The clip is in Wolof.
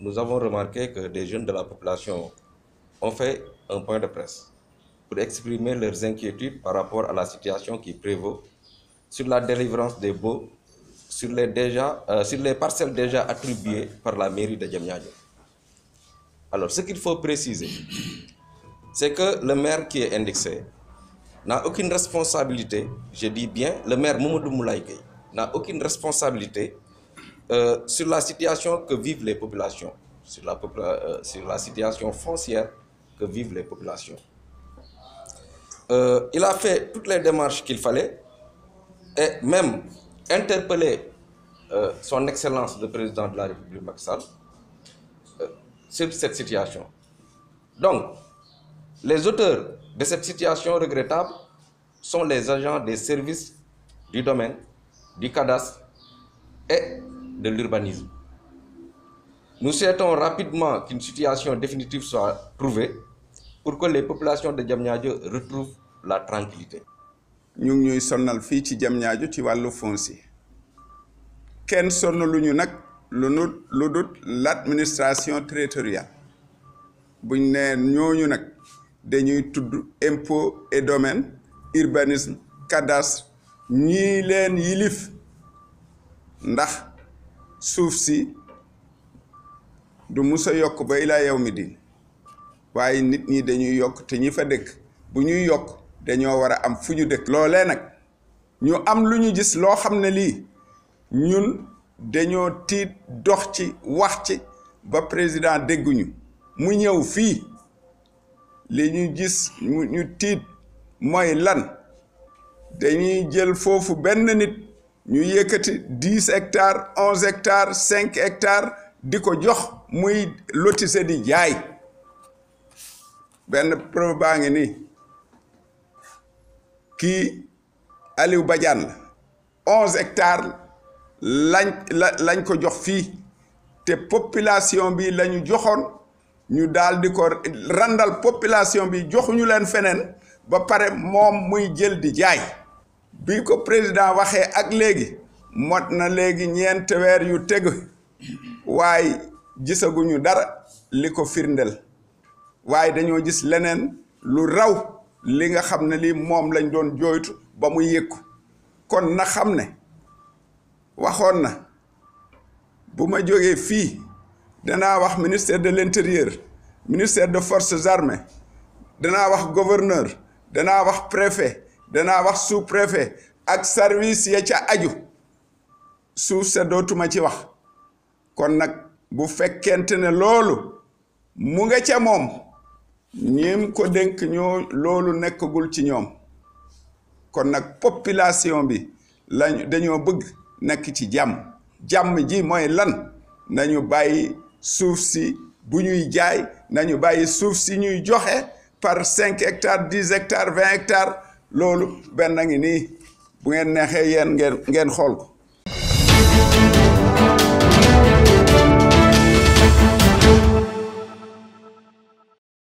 nous avons remarqué que des jeunes de la population ont fait un point de presse pour exprimer leurs inquiétudes par rapport à la situation qui prévaut sur la délivrance des baux sur les, déjà, euh, sur les parcelles déjà attribuées par la mairie de Djamnyadjo. Alors, ce qu'il faut préciser, c'est que le maire qui est indexé n'a aucune responsabilité, je dis bien, le maire Moumoudou Moulaïke n'a aucune responsabilité euh, sur la situation que vivent les populations, sur la, euh, sur la situation foncière que vivent les populations. Euh, il a fait toutes les démarches qu'il fallait et même interpellé son Excellence le Président de la République Macky sur cette situation. Donc, les auteurs de cette situation regrettable sont les agents des services du domaine, du cadastre et de l'urbanisme. Nous souhaitons rapidement qu'une situation définitive soit trouvée pour que les populations de Diamniadio retrouvent la tranquillité. ñu sommes ñuy sonnal fi ci Diamniadio ci walu fonci. Ken sonnaluñu luñu nak lu l'administration territoriale buñ né ñoñu nak dañuy tudd impôt et domaine urbanisme cadastre ñi leen yilif ndax suuf si du musa yokk ba ilaa yow mi din waaye nit ñi dañuy yokk te ñi fa dëkk bu ñuy yokk dañoo war a am fu ñu dëkk loolee nag ñu am lu ñu gis loo xam ne lii ñun dañoo tiit dox ci wax ci ba président dégguñu mu ñëw fii li ñu gis ñu tiit mooy lan dañuy jël foofu benn nit ñu yëkkati dix hectares onze hectare cinq hectares di ko jox muy lotissé di jaay benn preuve baa ngi nii kii Aliou Badiane la onze hectares lañ lañ ko jox fii te population bi lañu joxoon ñu daal di ko randal population bi joxuñu leen feneen ba pare moom muy jël di jaay bi ko président waxee ak léegi mot na léegi ñeenti weer yu tegu waaye gisaguñu dara li ko firndeel waaye dañoo gis leneen lu raw li nga xam ne lii moom lañ doon jooytu ba mu yëkku kon na xam ne waxoon na bu ma jógee fii danaa wax ministère de l'intérieur ministère de forces armées danaa wax gouverneur danaa wax préfet danaa wax sous préfet ak service ya ca aju suuf sa dootuma ci wax kon nag bu fekkente ne loolu mu nga ca moom ñim ko dénk ñoo loolu nekkagul ci ñoom kon nag population bi lañ dañoo bëgg nekk ci jàmm jàmm ji mooy lan nañu bàyyi suuf si bu ñuy jaay nañu bàyyi suuf si ñuy joxe par cinq hectares dix hectares vingt hectares loolu benn ngi nii bu ngeen neexee yéen ngeen ngeen xool ko